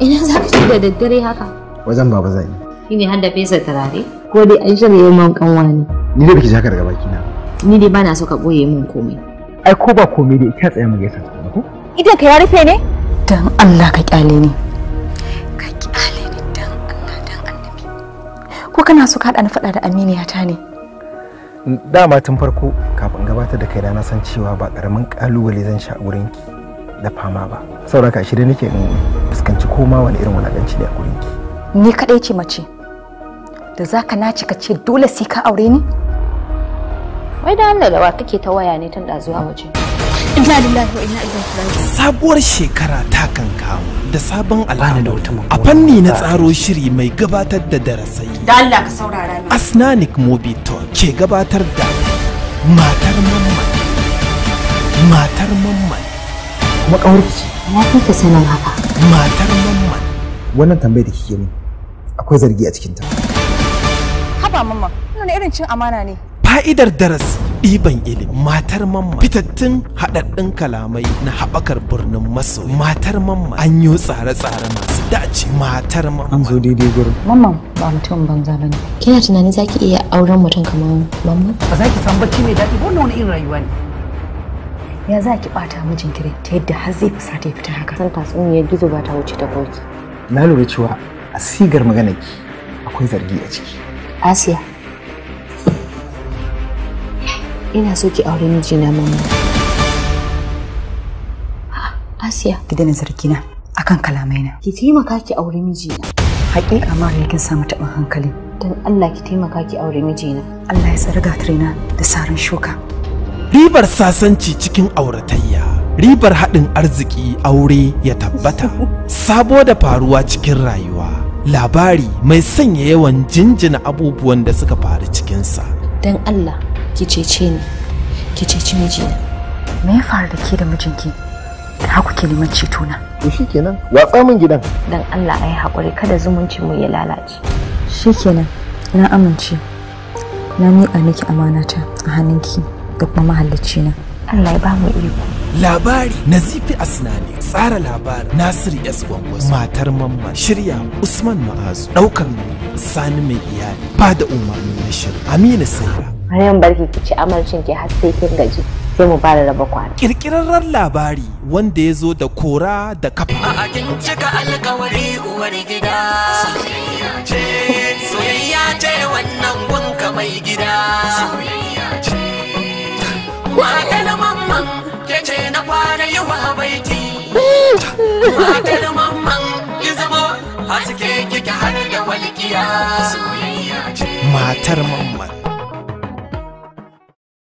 Ina za ka ci da daddare haka? Wajen baba zan yi. Shi ne har da fesa turare? Ko dai an shirya man kanwa ne? Ni dai biki ji haka daga baki na. Ni dai bana so ka boye min komai. Ai ko ba komai dai ka tsaya mu yasa ko? Idan ka ya rufe ne? Dan Allah ka kyale ni. Ka kyale ni dan Allah dan Annabi. Ko kana so ka hada ni fada da aminiyata ne? dama tun farko kafin gabatar da da na san cewa ba karamin kalubale zan sha gurinki da fama ba sauraka shirye nake in fuskanci ko ma wani irin wulakanci da a ki ni kadai ce mace da zaka naci ka ce dole sai ka aure ni wai da Allah da wa kake ta waya ne tun da zuwa waje Inna lillahi wa inna ilaihi raji'un. Sabuwar shekara ta kankawa da sabon al'adu a fanni na tsaro shiri mai gabatar da darasai. Da Allah ka saurara ni. Asnanic Mobi ke gabatar da matar mama kuma ƙawarki na fi ka sanin haka matar mamman wannan tambayar da kike min akwai zargi a cikin ta haba mamma wannan irin cin amana ne fa'idar darasi ɗiban ilimi matar mamma fitattun haɗaɗɗun kalamai na haɓakar birnin maso matar mamma an yi tsare-tsare masu dace matar mamma an zo daidai gurin mamma ba mutum banza bane kina tunanin zaki iya auren mutum kamar mamma ba za ki san bacci mai daɗi wannan wani irin rayuwa ne ya za ki bata mijin kire ta yadda har zai sata ya fita haka san tatsuniyar gizo ba ta wuce ta koki na lura cewa a sigar magana ki akwai zargi a ciki asiya ina so ki aure mijina mama asiya ki daina na akan na. ki taimaka ki aure mijina hakika ma kin samu taɓin hankali Dan Allah ki taimaka ki aure mijina Allah ya tsare gatrina da sarin shuka ribar sasanci cikin auratayya ribar haɗin arziki aure ya tabbata sabo da faruwa cikin rayuwa labari mai sanya yawan jinjina abubuwan da suka faru cikinsa don allah ki cece ni ki ceci mijina me ya faru da ke da mijinki da haku ke neman ceto na to shikenan watsa min gidan Don allah yi haƙuri kada zumunci mu ya lalace shikenan na amince na miƙa miki amanata a hannunki gaban mahallaci na Allah ya ba mu iko labari nazifi asnani tsara labari nasiru s gwangwas matar mamman shirya usman ma'azu ɗaukar sani mai iyali ba da umarni na shirin amina saira Maryam barki ki ci amarcin ki har sai kin gaji sai mu fara raba kwana. Ƙirƙirarren labari wanda ya zo da kora da kafa. A akin cika alƙawari uwar gida. Soyayya ce wannan gunka mai gida. ƙara yi wa baiti matar mamman ya zama haske kike har da walƙiya soyayya ce matar mamman